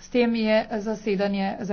S tem je zasedanje zaključeno.